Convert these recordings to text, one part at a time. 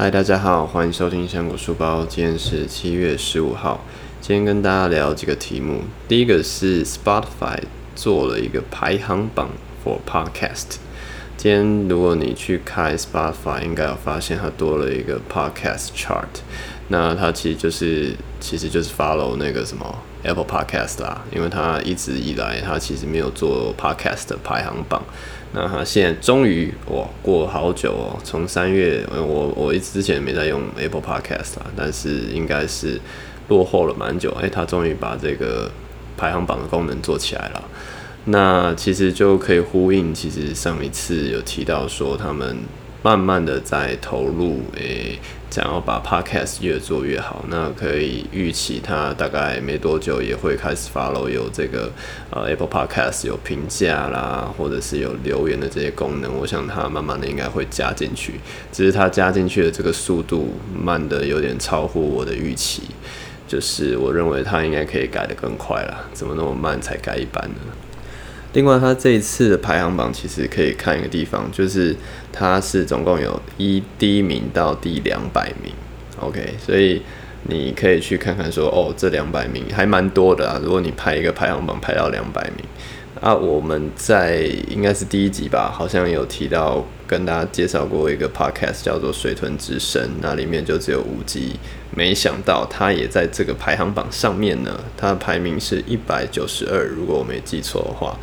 嗨，Hi, 大家好，歡迎收聽香果書包。今天是七月十五號。今天跟大家聊幾個題目。第一個是 Spotify 做了一個排行榜 for podcast。今天如果你去開 Spotify，應該有發現它多了一個 podcast chart。那它其實就是其實就是 follow 那個什麼 Apple podcast 啦，因為它一直以來它其實沒有做 podcast 的排行榜。那他，現在終於哇，過了好久哦，從三月，我我一直之前沒在用 Apple Podcast 啦，但是應該是落後了蠻久，哎、欸，他終於把這個排行榜的功能做起來了。那其實就可以呼應，其實上一次有提到說他們。慢慢的在投入，誒、欸，想要把 Podcast 越做越好。那可以預期，它大概沒多久也會開始 follow 有這個呃 Apple Podcast 有評價啦，或者是有留言的這些功能。我想它慢慢的應該會加進去，只是它加進去的這個速度慢的有點超乎我的預期。就是我認為它應該可以改得更快啦。怎麼那麼慢才改一般呢？另外，它這一次的排行榜其實可以看一個地方，就是它是總共有一第一名到第兩百名，OK，所以你可以去看看說，哦，這兩百名還蠻多的啊。如果你排一個排行榜，排到兩百名。啊，我們在應該是第一集吧，好像有提到跟大家介紹過一個 podcast 叫做《水豚之聲》，那裡面就只有五集，沒想到它也在這個排行榜上面呢，它的排名是一百九十二，如果我沒記錯的話，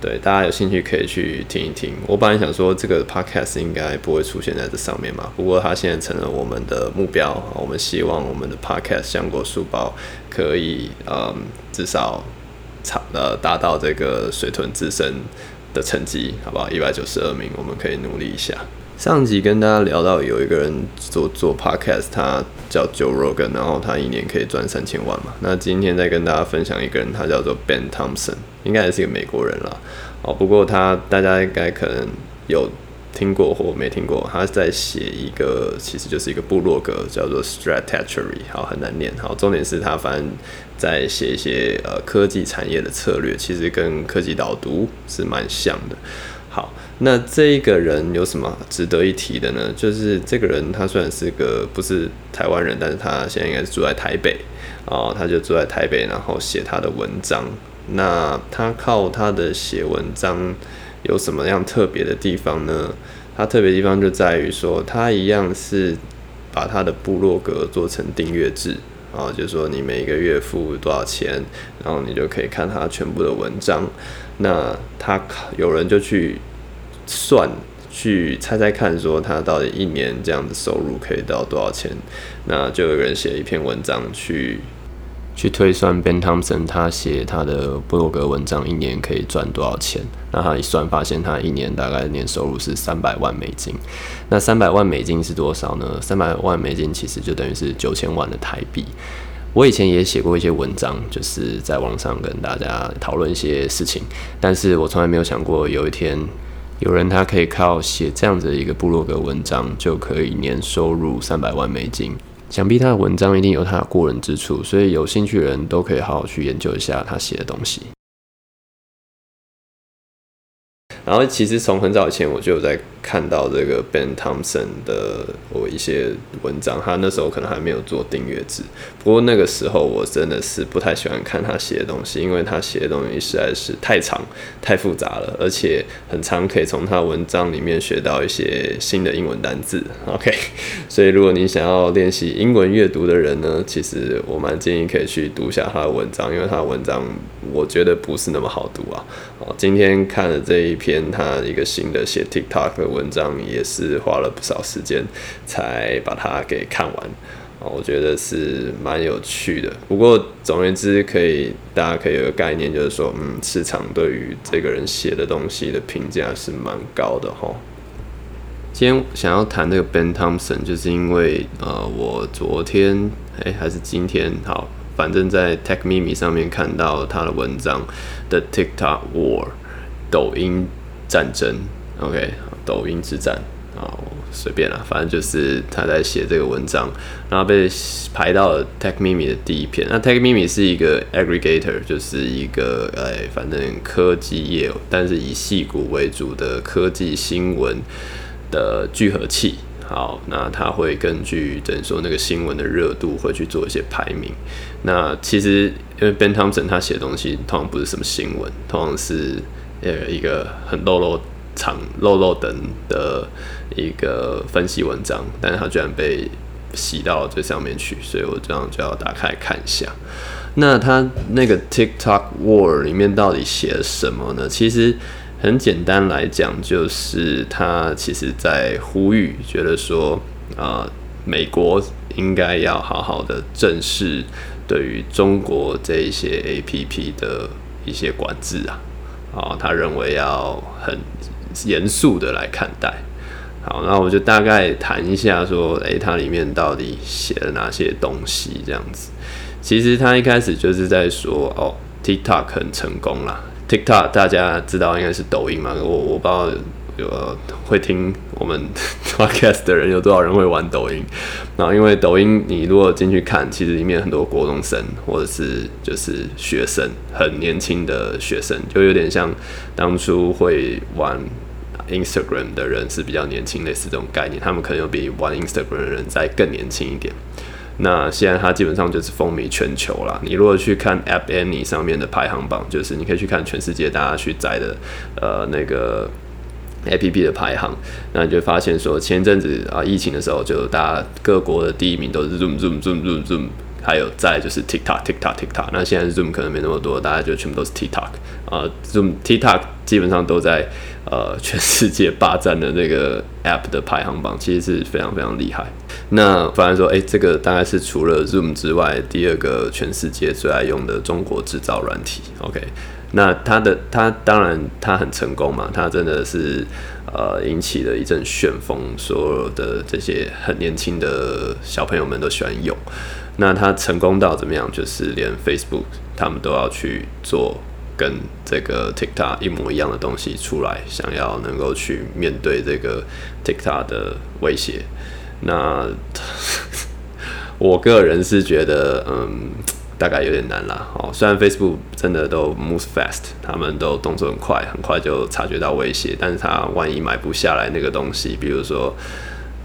對，大家有興趣可以去聽一聽。我本來想說這個 podcast 應該不會出現在這上面嘛，不過它現在成了我們的目標，我們希望我們的 podcast《橡果書包》可以，嗯、呃，至少。呃達到這個水豚自身的成績，好不好？一百九十二名，我們可以努力一下。上集跟大家聊到有一個人做做 Podcast，他叫 Joe Rogan，然後他一年可以賺三千萬嘛。那今天再跟大家分享一個人，他叫做 Ben Thompson，應該也是一個美國人了哦。不過他大家應該可能有聽過或沒聽過，他在寫一個，其實就是一個部落格，叫做 Stratechery，好很難念。好，重點是他反正在寫一些呃科技產業的策略，其實跟科技導讀是蠻像的。好，那這個人有什麼值得一提的呢？就是這個人他雖然是個不是台灣人，但是他現在應該是住在台北啊、哦，他就住在台北，然後寫他的文章。那他靠他的寫文章。有什麼樣特別的地方呢？它特別地方就在於說，它一樣是把它的部落格做成訂閱制啊，然後就是說，你每一個月付多少錢，然後你就可以看它全部的文章。那他有人就去算，去猜猜看，說他到底一年這樣的收入可以到多少錢？那就有人寫一篇文章去。去推算 Ben Thompson 他寫他的部落格文章一年可以賺多少錢？那他一算發現，他一年大概年收入是三百萬美金。那三百萬美金是多少呢？三百萬美金其實就等於是九千萬的台幣。我以前也寫過一些文章，就是在網上跟大家討論一些事情，但是我從來沒有想過有一天有人他可以靠寫這樣子的一個部落格文章就可以年收入三百萬美金。想必他的文章一定有他的過人之處，所以有興趣的人都可以好好去研究一下他寫的東西。然後其實從很早以前我就有在看到這個 Ben Thompson 的我一些文章，他那時候可能還沒有做訂閱制，不過那個時候我真的是不太喜歡看他寫的東西，因為他寫的東西實在是太長、太複雜了，而且很常可以從他文章裡面學到一些新的英文單字 OK，所以如果你想要練習英文閱讀的人呢，其實我蠻建議可以去讀一下他的文章，因為他的文章我覺得不是那麼好讀啊。今天看了這一篇。他一個新的寫 TikTok 的文章，也是花了不少時間才把它給看完。我覺得是蠻有趣的。不過總而言之，可以大家可以有個概念，就是說，嗯，市場對於這個人寫的東西的評價是蠻高的哦。今天想要談那個 Ben Thompson，就是因為呃，我昨天誒還是今天好，反正在 Techmeme 上面看到他的文章 The TikTok War，抖音。戰爭，OK，抖音之戰，好，隨便啦。反正就是他在寫這個文章，然後被排到了 Techmeme 的第一篇。那 Techmeme 是一個 aggregator，就是一個哎，反正科技業，但是以矽谷為主的科技新聞的聚合器。好，那他會根據等於說那個新聞的熱度，會去做一些排名。那其實因為 Ben Thompson 他寫的東西，通常不是什麼新聞，通常是。呃，一個很露露長、露露等的一個分析文章，但是它居然被洗到最上面去，所以我這樣就要打開看一下。那它那個 TikTok War 裡面到底寫了什麼呢？其實很簡單來講，就是它其實在呼籲，覺得說啊、呃，美國應該要好好的正視對於中國這一些 APP 的一些管制啊。哦，他認為要很嚴肅的來看待。好，那我就大概談一下，說，誒、欸、他裡面到底寫了哪些東西？這樣子，其實他一開始就是在說，哦，TikTok 很成功啦。TikTok 大家知道應該是抖音嘛，我我不知道。就會聽我們 podcast 的人有多少人會玩抖音？然、啊、後因為抖音，你如果進去看，其實裡面很多國中生或者是就是學生，很年輕的學生，就有點像當初會玩 Instagram 的人是比較年輕，類似這種概念。他們可能有比玩 Instagram 的人再更年輕一點。那現在它基本上就是風靡全球了。你如果去看 App Annie 上面的排行榜，就是你可以去看全世界大家去摘的呃那個。A P P 的排行，那你就發現說前，前陣子啊疫情的時候，就大家各國的第一名都是 Zoom Zoom Zoom Zoom Zoom，還有再就是 Tok, TikTok TikTok TikTok。那現在 Zoom 可能沒那麼多，大家就全部都是 TikTok 啊，Zoom TikTok 基本上都在呃全世界霸佔的那個 A P P 的排行榜，其實是非常非常厲害。那反來說，誒、欸，這個大概是除了 Zoom 之外，第二個全世界最愛用的中國製造軟體，O K。Okay 那他的他當然他很成功嘛，他真的是呃引起了一陣旋風，所有的這些很年輕的小朋友們都喜歡用。那他成功到怎麼樣？就是連 Facebook 他們都要去做跟這個 TikTok 一模一樣的東西出來，想要能夠去面對這個 TikTok 的威脅。那呵呵我個人是覺得，嗯。大概有點難啦。哦。雖然 Facebook 真的都 move fast，他們都動作很快，很快就察覺到威脅，但是他萬一買不下來那個東西，比如說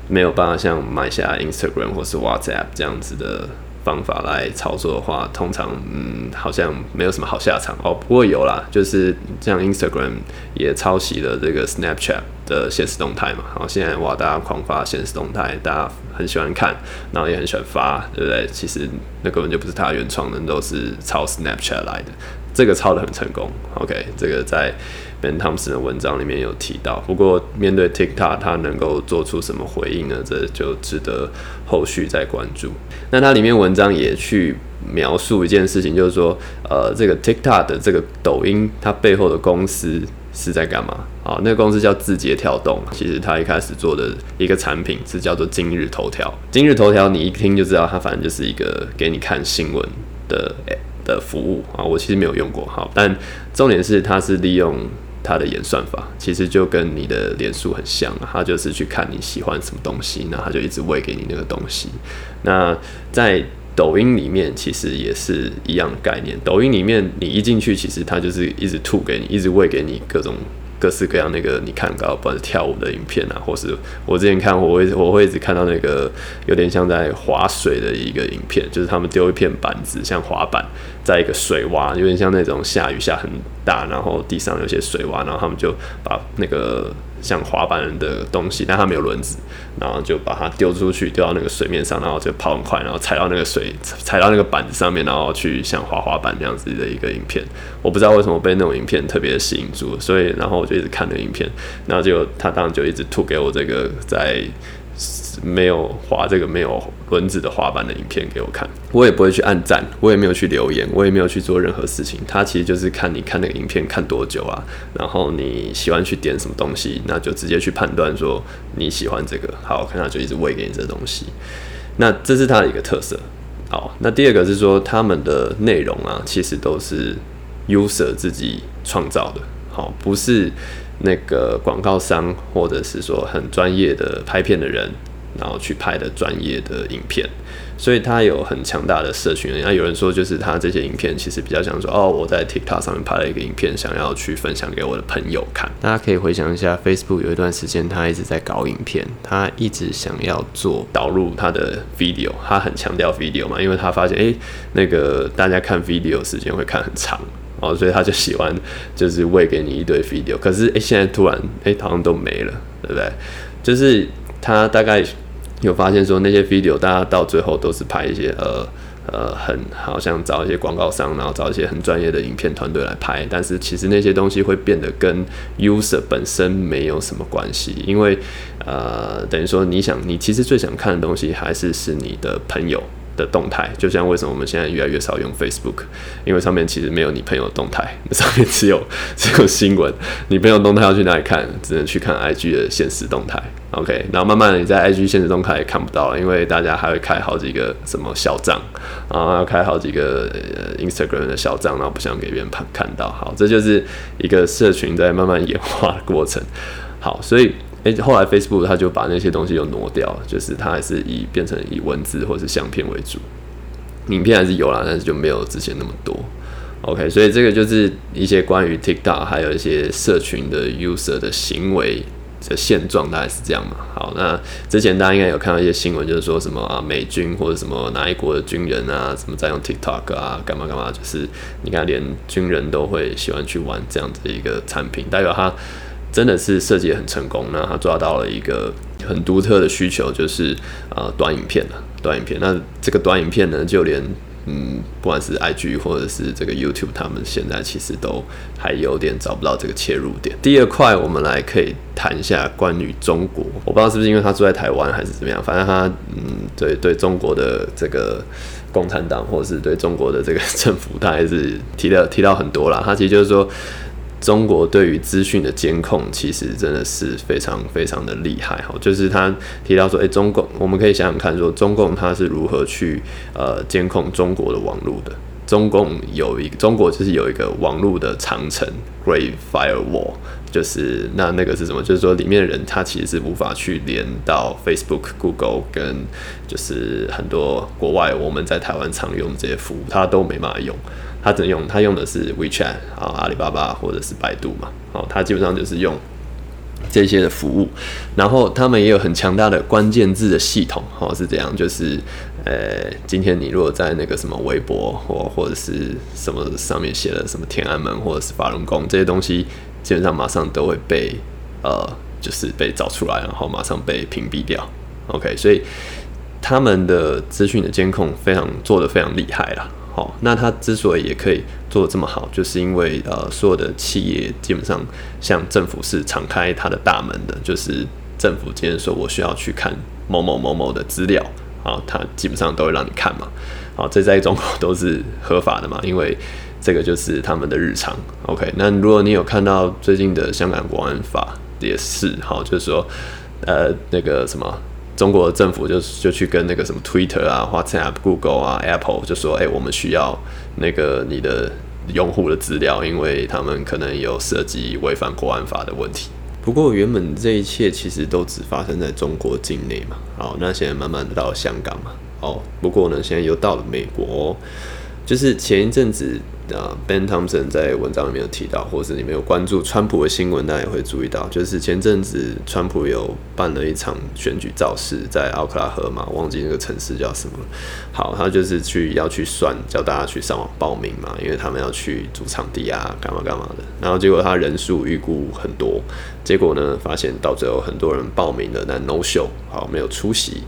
沒有辦法像買下 Instagram 或是 WhatsApp 這樣子的。方法來操作的話，通常嗯，好像沒有什麼好下場哦。不過有啦，就是像 Instagram 也抄襲了這個 Snapchat 的限時動態嘛。好，現在哇，大家狂發限時動態，大家很喜歡看，然後也很喜歡發，對不對？其實那根本就不是他原創的，都是抄 Snapchat 來的。這個抄的很成功，OK，這個在 Ben Thompson 的文章裡面有提到。不過面對 TikTok，他能夠做出什麼回應呢？這就值得後續再關注。那它裡面文章也去描述一件事情，就是說，呃，這個 TikTok 的這個抖音，它背後的公司是在幹嘛？啊，那個公司叫字節跳動。其實它一開始做的一個產品是叫做今日頭條。今日頭條，你一聽就知道，它反正就是一個給你看新聞的的服務啊，我其實沒有用過，好，但重點是，它是利用它的演算法，其實就跟你的臉書很像，它就是去看你喜歡什麼東西，那它就一直餵給你那個東西。那在抖音裡面其實也是一樣的概念，抖音裡面你一進去，其實它就是一直吐給你，一直餵給你各種。各式各樣那個你看到，不管是跳舞的影片啊，或是我之前看，我會我會一直看到那個有點像在滑水的一個影片，就是他們丟一片板子，像滑板，在一個水窪，有點像那種下雨下很大，然後地上有些水窪，然後他們就把那個。像滑板的東西，但它沒有輪子，然後就把它丟出去，丟到那個水面上，然後就跑很快，然後踩到那個水，踩到那個板子上面，然後去像滑滑板這樣子的一個影片。我不知道為什麼被那種影片特別吸引住，所以然後我就一直看那個影片，然後就他當時就一直吐給我這個在。沒有滑這個沒有輪子的滑板的影片給我看，我也不會去按贊，我也沒有去留言，我也沒有去做任何事情。它其實就是看你看那個影片看多久啊，然後你喜歡去點什麼東西，那就直接去判斷說你喜歡這個好看，那就一直餵給你這東西。那這是它的一個特色。好，那第二個是說他們的內容啊，其實都是 user 自己創造的，好，不是。那個廣告商，或者是說很專業的拍片的人，然後去拍的專業的影片，所以他有很強大的社群。那、啊、有人說，就是他這些影片其實比較像說，哦，我在 TikTok 上面拍了一個影片，想要去分享給我的朋友看。大家可以回想一下，Facebook 有一段時間他一直在搞影片，他一直想要做導入他的 video，他很強調 video 嘛，因為他發現，誒，那個大家看 video 時間會看很長。哦，所以他就喜歡，就是餵給你一堆 video，可是誒，現在突然誒，好像都沒了，對不對？就是他大概有發現說，那些 video 大家到最後都是拍一些呃呃，很好像找一些廣告商，然後找一些很專業的影片團隊來拍，但是其實那些東西會變得跟 user 本身沒有什麼關係，因為呃，等於說你想，你其實最想看的東西還是是你的朋友的動態，就像為什麼我們現在越來越少用 Facebook？因為上面其實沒有你朋友的動態，上面只有只有新聞。你朋友動態要去哪裡看？只能去看 IG 的限時動態。OK，然後慢慢的你在 IG 限時動態也看不到了，因為大家還會開好幾個什麼小賬，啊，開好幾個 Instagram 的小賬，然後不想給別人看看到。好，這就是一個社群在慢慢演化的過程。好，所以。後來 Facebook 他就把那些東西又挪掉了，就是它還是以變成以文字或是相片為主，影片還是有啦，但是就沒有之前那麼多。OK，所以這個就是一些關於 TikTok 還有一些社群的 user 的行為的現狀大概是這樣嘛。好，那之前大家應該有看到一些新聞，就是說什麼啊，美軍或者什麼哪一國的軍人啊，什麼在用 TikTok 啊，幹嘛幹嘛，就是你看連軍人都會喜歡去玩這樣子一個產品，代表他。真的是設計很成功，那他抓到了一個很獨特的需求，就是啊、呃，短影片了。短影片，那這個短影片呢，就連嗯不管是 IG 或者是這個 YouTube，他們現在其實都還有點找不到這個切入點。第二塊，我們來可以談一下關於中國。我不知道是不是因為他住在台灣還是怎麼樣，反正他嗯對對中國的這個共產黨或者是對中國的這個政府，他還是提到提到很多啦，他其實就是說。中國對於資訊的監控其實真的是非常非常的厲害哈，就是他提到說誒，中共，我們可以想想看說，說中共他是如何去呃監控中國的網路的？中共有一個，中國就是有一個網路的長城 （Great Firewall）。就是那那個是什麼？就是說，裡面的人他其實是無法去連到 Facebook、Google 跟就是很多國外我們在台灣常用的這些服務，他都沒辦法用。他只能用，他用的是 WeChat 啊、哦，阿里巴巴或者是百度嘛。哦，他基本上就是用這些的服務。然後他們也有很強大的關鍵字的系統，哈、哦，是怎樣？就是呃，今天你如果在那個什麼微博或或者是什麼上面寫了什麼天安門或者是法輪功這些東西。基本上馬上都會被呃，就是被找出來，然後馬上被屏蔽掉。OK，所以他們的資訊的監控非常做得非常厲害啦。好、哦，那他之所以也可以做得這麼好，就是因為呃，所有的企業基本上向政府是敞開他的大門的，就是政府今天說我需要去看某某某某的資料啊、哦，他基本上都會讓你看嘛。好、哦，這在中國都是合法的嘛，因為。這個就是他們的日常，OK。那如果你有看到最近的香港國安法也是，好，就是說，呃，那個什麼，中國政府就就去跟那個什麼 Twitter 啊、WhatsApp、Google 啊、Apple 就說，誒、欸，我們需要那個你的用戶的資料，因為他們可能有涉及違反國安法的問題。不過原本這一切其實都只發生在中國境內嘛，好，那現在慢慢的到香港嘛，哦，不過呢，現在又到了美國哦，就是前一陣子。那、uh, Ben Thompson 在文章裡面有提到，或者是你沒有關注川普的新聞，大家也會注意到，就是前陣子川普有辦了一場選舉造勢，在奧克拉荷馬，忘記那個城市叫什麼。好，他就是去要去算，叫大家去上網報名嘛，因為他們要去主場地啊，幹嘛幹嘛的。然後結果他人數預估很多，結果呢發現到最後很多人報名了，但 no show，好，沒有出席。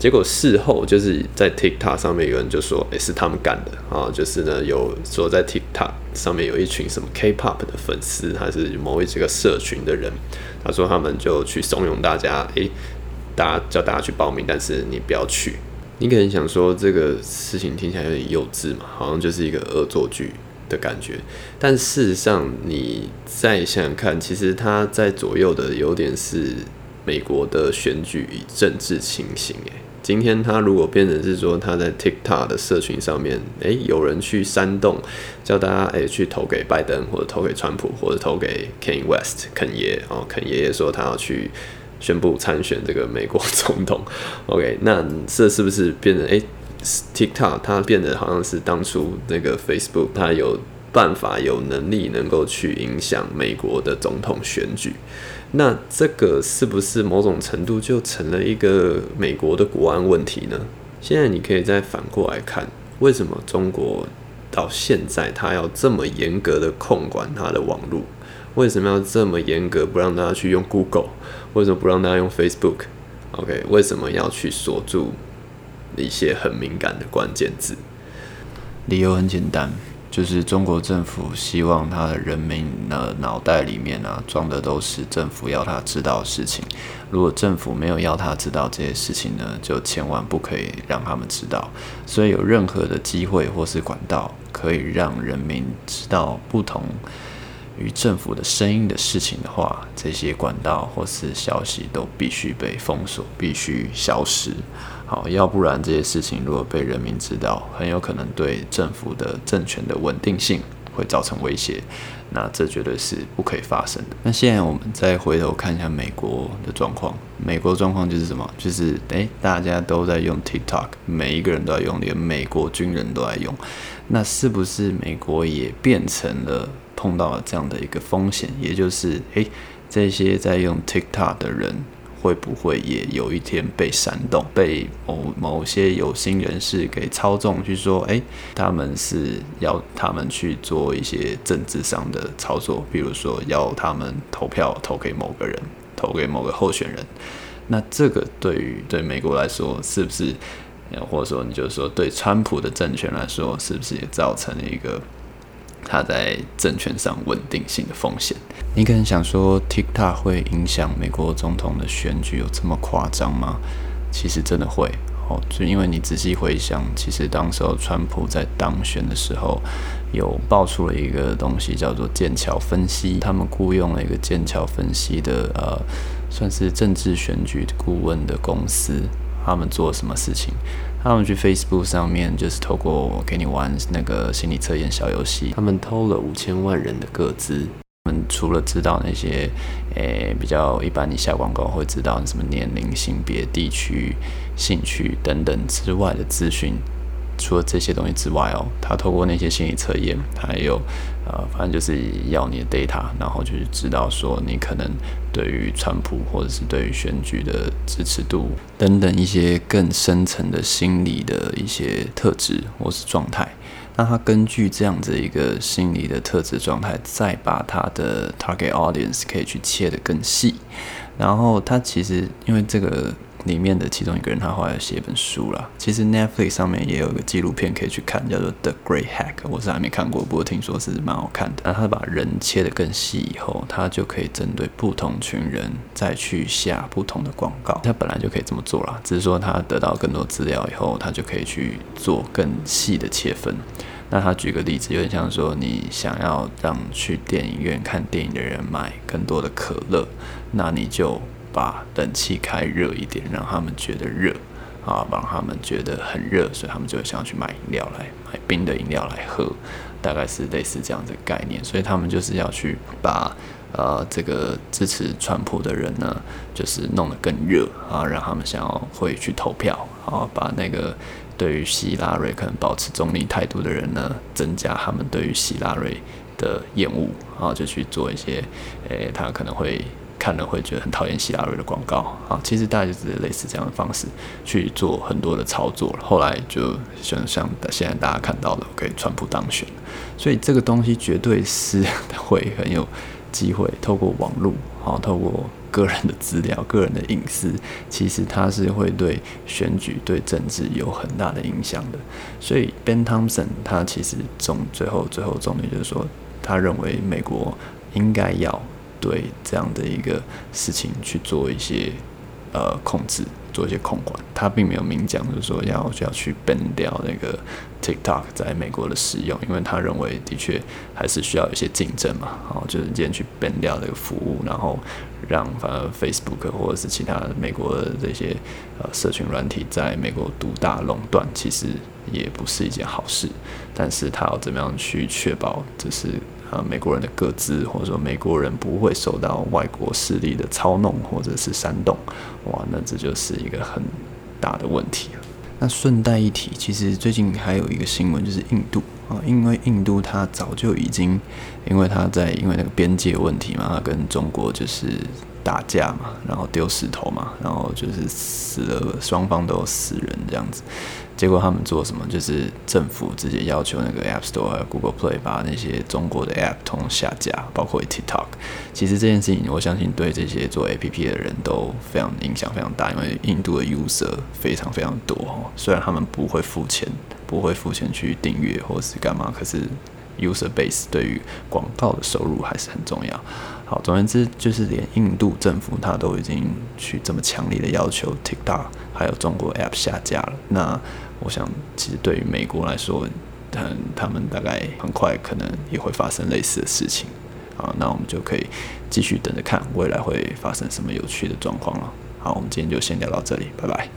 結果事後就是在 TikTok 上面有人就說，誒、欸，是他們幹的啊，就是呢有所在。TikTok 上面有一群什麼 K-pop 的粉絲，還是某一個社群的人，他說他們就去慫恿大家，誒、欸，大家叫大家去報名，但是你不要去。你可能想說這個事情聽起來有點幼稚嘛，好像就是一個惡作劇的感覺。但事實上，你再想想看，其實他在左右的有點是美國的選舉與政治情形誒。今天他如果變成是說他在 TikTok 的社群上面，哎、欸，有人去煽動，叫大家哎、欸、去投給拜登，或者投給川普，或者投給 Kanye West 肯爺哦、喔，肯爺爺說他要去宣布參選這個美國總統。OK，那這是不是變成哎、欸、TikTok 他變得好像是當初那個 Facebook 他有？辦法有能力能夠去影響美國的總統選舉，那這個是不是某種程度就成了一個美國的國安問題呢？現在你可以再反過來看，為什麼中國到現在他要這麼嚴格的控管他的網絡？為什麼要這麼嚴格不讓大家去用 Google？為什麼不讓大家用 Facebook？OK？、Okay, 為什麼要去鎖住一些很敏感的關鍵字？理由很簡單。就是中國政府希望他的人民的腦袋裡面呢、啊、裝的都是政府要他知道的事情。如果政府沒有要他知道這些事情呢，就千萬不可以讓他們知道。所以有任何的機會或是管道可以讓人民知道不同於政府的聲音的事情的話，這些管道或是消息都必須被封鎖，必須消失。要不然這些事情如果被人民知道，很有可能對政府的政權的穩定性會造成威脅，那這絕對是不可以發生的。那現在我們再回頭看一下美國的狀況，美國狀況就是什麼？就是誒，大家都在用 TikTok，每一個人都在用，連美國軍人都在用。那是不是美國也變成了碰到了這樣的一個風險？也就是誒，這些在用 TikTok 的人。會不會也有一天被煽動，被某某些有心人士給操縱，去說，誒，他們是要他們去做一些政治上的操作，比如說要他們投票投給某個人，投給某個候選人。那這個對於對美國來說，是不是，或者說你就說對川普的政權來說，是不是也造成了一個？他在政權上穩定性的風險，你可能想說，TikTok 會影響美國總統的選舉，有這麼誇張嗎？其實真的會哦，就因為你仔細回想，其實當時候川普在當選的時候，有爆出了一個東西，叫做劍橋分析，他們雇傭了一個劍橋分析的呃，算是政治選舉顧問的公司，他們做什麼事情？他們去 Facebook 上面，就是透過給你玩那個心理測驗小遊戲，他們偷了五千萬人的個資。他們除了知道那些，誒、欸，比較一般，你下廣告會知道你什麼年齡、性別、地區、興趣等等之外的資訊，除了這些東西之外哦，他透過那些心理測驗，他還有。啊，反正就是要你的 data，然後就是知道說你可能對於川普或者是對於選舉的支持度等等一些更深層的心理的一些特質或是狀態。那他根據這樣子一個心理的特質狀態，再把他的 target audience 可以去切得更細。然後他其實因為這個。裡面的其中一個人，他後來寫一本書了。其實 Netflix 上面也有一個紀錄片可以去看，叫做《The Great Hack》，我是還沒看過，不過聽說是蠻好看的。那他把人切得更細以後，他就可以針對不同群人再去下不同的廣告。他本來就可以這麼做啦，只是說他得到更多資料以後，他就可以去做更細的切分。那他舉個例子，有點像說你想要讓去電影院看電影的人買更多的可樂，那你就。把冷氣開熱一點，讓他們覺得熱，啊，讓他們覺得很熱，所以他們就想要去買飲料，來買冰的飲料來喝，大概是類似這樣的概念。所以他們就是要去把呃這個支持川普的人呢，就是弄得更熱啊，讓他們想要會去投票，啊，把那個對於希拉瑞可能保持中立態度的人呢，增加他們對於希拉瑞的厭惡，啊，就去做一些，欸，他可能會。看了會覺得很討厭希拉瑞的廣告啊，其實大家就是類似這樣的方式去做很多的操作，後來就像像現在大家看到的，可以川普當選，所以這個東西絕對是會很有機會透過網絡，透過個人的資料、個人的隱私，其實它是會對選舉、對政治有很大的影響的。所以 Ben Thompson 他其實重最後最後重點就是說，他認為美國應該要。對這樣的一個事情去做一些呃控制，做一些控管，他並沒有明講，就是說要要去 ban 掉那個 TikTok 在美國的使用，因為他認為的確還是需要一些競爭嘛。然、哦、就是今天去 ban 掉這個服務，然後讓反而 Facebook 或者是其他美國的這些呃社群軟體在美國獨大壟斷，其實也不是一件好事。但是他要怎麼樣去確保這是？呃、啊，美國人的個資，或者說美國人不會受到外國勢力的操弄或者是煽動，哇，那這就是一個很大的問題了、啊。那順帶一提，其實最近還有一個新聞，就是印度啊，因為印度它早就已經，因為他在因為那個邊界問題嘛，他跟中國就是打架嘛，然後丟石頭嘛，然後就是死了雙方都有死人這樣子。結果他們做什麼？就是政府直接要求那個 App Store 還有 Google Play 把那些中國的 App 通下架，包括 TikTok。其實這件事情，我相信對這些做 APP 的人都非常影響非常大，因為印度的 User 非常非常多。雖然他們不會付錢，不會付錢去訂閱或是幹嘛，可是 User Base 對於廣告的收入還是很重要。好，總而言之，就是連印度政府他都已經去這麼強烈的要求 TikTok 還有中國 App 下架了，那。我想，其實對於美國來說，嗯，他們大概很快可能也會發生類似的事情，啊，那我們就可以繼續等着看未來會發生什麼有趣的狀況了。好，我們今天就先聊到這裡，拜拜。